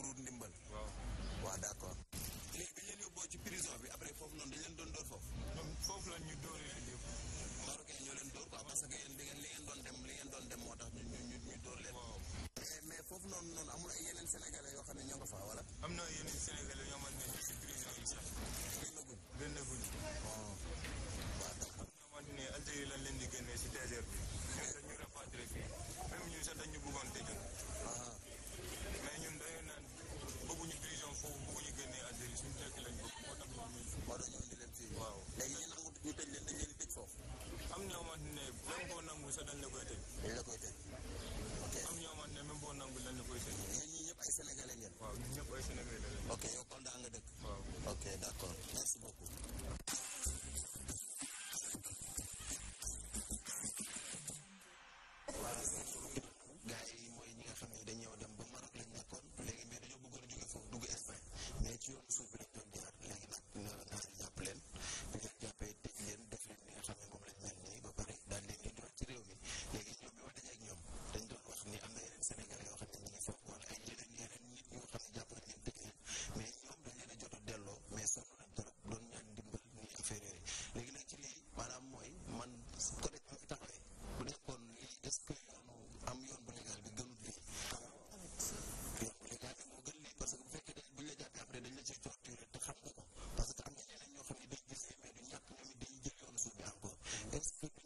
pour ndimbal. waaw waaw d' accord. léegi dañ leen yóbboo ci prison bi après foofu noonu dañ leen doon dóor foofu. foofu la ñu dóoree yëpp. Marocain ñoo leen dóor quoi parce que yéen li ngeen doon dem li ngeen doon dem moo tax ñu ñu ñu leen. mais foofu noonu noonu amul ay yeneen sénégalais yoo xam ne ñoo fa wala. am na yeneen sénégalais this